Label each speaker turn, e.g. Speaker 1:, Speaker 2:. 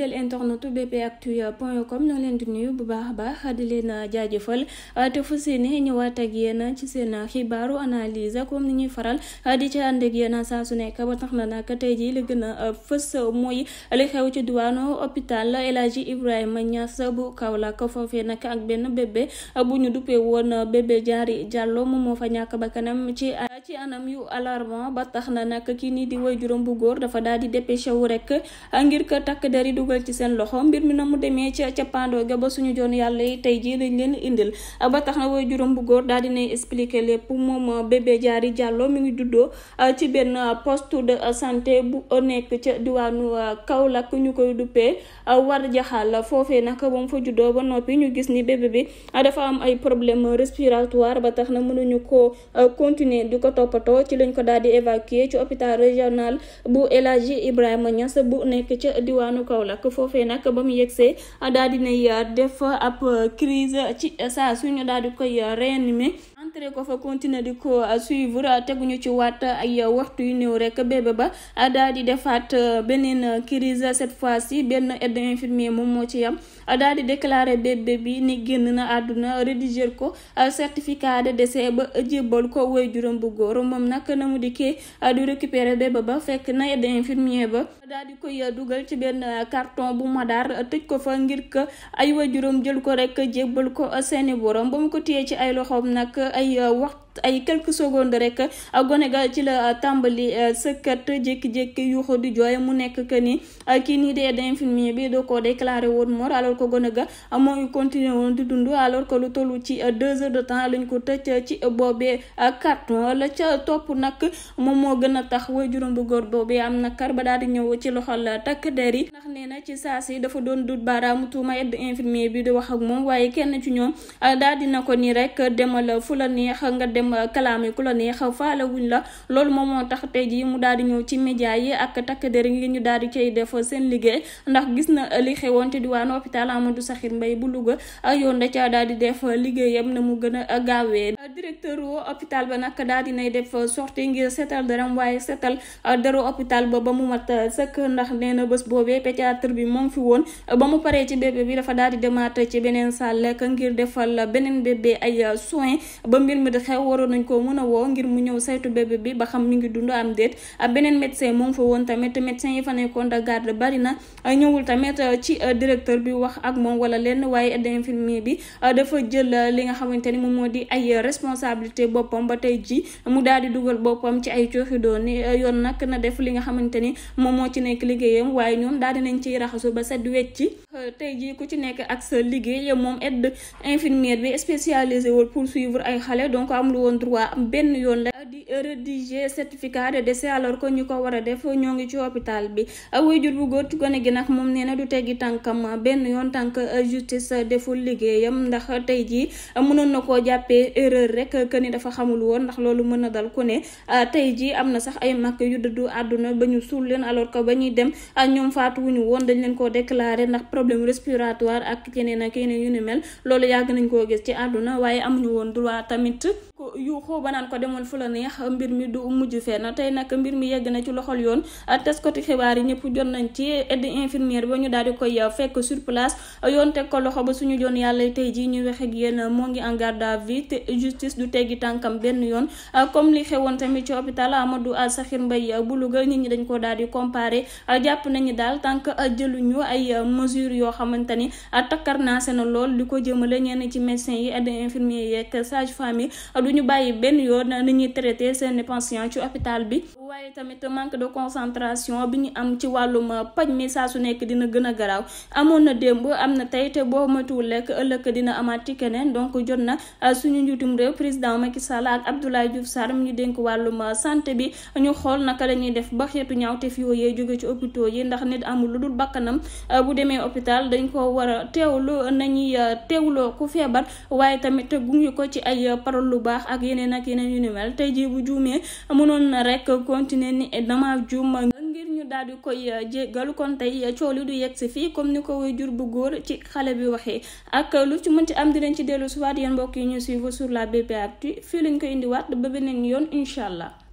Speaker 1: fidèle internet bpactu.com ñoo leen di nuyu bu baax a baax di leen jaajëfal te fu seeni ñëwaat ak yéen ci seen xibaaru analyse comme ni ñuy faral di ci ànd ak saa su nekk ba tax na nag tey jii li gën a mooy li xew ci diwaanu hôpital El Hadji Ibrahima Niass bu Kaolack foofee nag ak benn bébé bu ñu duppee woon bébé Diary Diallo moom moo fa ñàkk bakkanam ci ci anam yu alarmant ba tax na nag kii nii di waajuram bu góor dafa daal di dépêché rek ngir ko takk dari dugal ci seen loxo mbir mi na mu demee ca cappaandoo ga ba suñu joon yàlla yi tey jii lañ leen indil ba tax na woy juróom bu góor daal dinay expliquer lépp moom bébé jaari jàllo mi ngi juddoo ah, ci benn poste de santé bu nekk ca diwaanu ah, Kaolack ñu koy duppee ah, war jaxal foofee nag ba mu juddoo ba noppi ñu gis ni bébé bi dafa am ay problème respiratoire ba tax na mënuñu ko continuer di ko toppatoo ci lañ ko daal di évacuer ci hôpital régional bu El Hadji Ibrahima Niass bu nekk ca diwaanu Kaolack Kaolack foofee nag ba mu yegsee daal dinay def ab crise ci saa suñu daal di koy réanimer entré ko fa continuer di ko euh, suivre euh, teguñu ci waat euh, ay waxtu yu néew rek bébé ba daal di defaat beneen crise cette fois ci benn aide infirmier moom moo ci yam daal di déclaré bébé bi ni génn na àdduna rédiger ko certificat de ba jébbal ko woy juróom bu góor moom nag na mu dikkee du récupérer bébé ba fekk na aide infirmier ba daal di koy dugal ci benn karton bu madaar tëj ko fa ngir que ay woy juróom jël ko rek jébbal ko seeni borom ba mu ko téye ci ay loxoom nag ay euh, waxtu ay quelques secondes rek gone ga ci la tàmbali sëkkat jékki-jékki yuuxu di jooy mu nekk que ni kii nii dee d'infirmier bi doo ko déclaré woon mort alors que gone ga mooy continuer woon di dund alors ko lu toll ci deux heures de temps lañ ko tëj ci boobee carton la ca topp nag moom moo gën a tax way juróom bu góor boobee am na kar ba daal di ñëw ci loxol takk der yi ndax nee ci saa si dafa doon du baaraamu tuuma aide infirmier bi di wax ak moom waaye ci ñoom dem euh, kalaame ku la neex faale wuñ la loolu moom moo tax tey jii mu daal di ñëw ci média yi ak takk der yi ñu daal di cay def seen liggéey ndax gis na euh, li xewoon ci diwaanu hôpital Amadou Sakhir Mbaye bu a euh, yoon da ca daal di def liggéeyam na mu gën a gaawee directeur hôpital ba nag daal di nay def sortie ngir seetal daram waaye seetal deru hôpital ba ba mu mat sëkk ndax nee na bés boobee pédiatre bi moom fi woon ba mu paree ci bébé bi dafa daal di demaat ci beneen salle ngir defal beneen bébé ay soin waroon nañ koo mën a woo ngir mu ñëw saytu bébé bi ba xam mi ngi dund am déet ak beneen médecin moom fa woon tamit médecin yi fa nekkoon de garde bari na ñëwul tamit ci directeur bi wax ak moom wala lenn waaye aide infirmier bi dafa jël li nga xamante ni moom moo di ay responsabilité boppam ba tey ji mu daal di dugal boppam ci ay cooxi doon ni yoon nag na def li nga xamante ni moom moo ci nekk liggéeyam waaye ñoom daal di nañ ciy raxasu ba set wecc tey jii ku ci nekk ak sa liggéey moom aide infirmière bi spécialisé wul pour suivre ay xale donc am lu woon droit benn yoon la di rédiger certificat de décès alors que ñu ko war a def ñoo ngi ci hôpital bi waajur bu góor ci gone gi nag moom nee na du teggi tànkam benn yoon tànk justice deful liggéeyam ndax tey jii mënoon na koo jàppee erreur rek que ni dafa xamul woon ndax loolu mën na dal ku ne tey jii am na sax ay mag yu du àdduna ba ñu suul leen alors que ba ñuy dem ñoom faatuwuñu woon dañ leen koo déclaré ndax problème respiratoire ak keneen ak yeneen yu ni mel loolu yàgg nañ koo gis ci àdduna ko yuuxoo ba naan ko demoon fu la neex mbir mi du mujj fenn tey nag mbir mi yegg na ci loxol yoon taskati xibaar yi ñëpp jot nañ ci aide infirmière ba ñu daal koy fekk sur te justice du teggi tànkam benn yoon comme li xewoon tamit ci hôpital Amadou Sakhir Mbaye bu Louga nit ñi dañ ko daal di comparé jàpp nañu daal tant que jëluñu ay mesures yoo xamante ni takkar naa seen lool di ko jëmale ñenn ci médecins yi aide infirmière yeeg sage-femme ñu bàyyi benn yoon ni ñuy traité seeni patients ci hôpital bi waaye tamit manque de concentration bi ñu am ci wàllum paj mi saa su nekk dina gën a garaaw amoon na démb am na tey te boo moytuwul lekk ëllëg dina amaat ci keneen donc jot na euh, suñu njiitum réew président Macky Sall ak Abdoulaye Diouf Sarr mu ñu dénk wàllum euh, santé bi ñu xool naka la ñuy def ba xeetu ñaawteef yooyee jóge ci hôpitaux yi ndax nit amul lu dul bakkanam euh, bu demee hôpital dañ ko war a teewlu nañuy teewloo ku feebar waaye tamit gunge ko ci ay parole lu baax ak yeneen ak yeneen yu ne ni dama juum ngir ñu daal di koy uh, jéggalu kon tey uh, coow li du yegg si fii comme ni ko way jur bu góor ci xale bi waxee ak uh, lu ci mënti am dinañ ci dellu si waat yéen mbokk yi ñu suivre sur la BP Actu fii lañ ko indiwaat ba beneen yoon incha allah.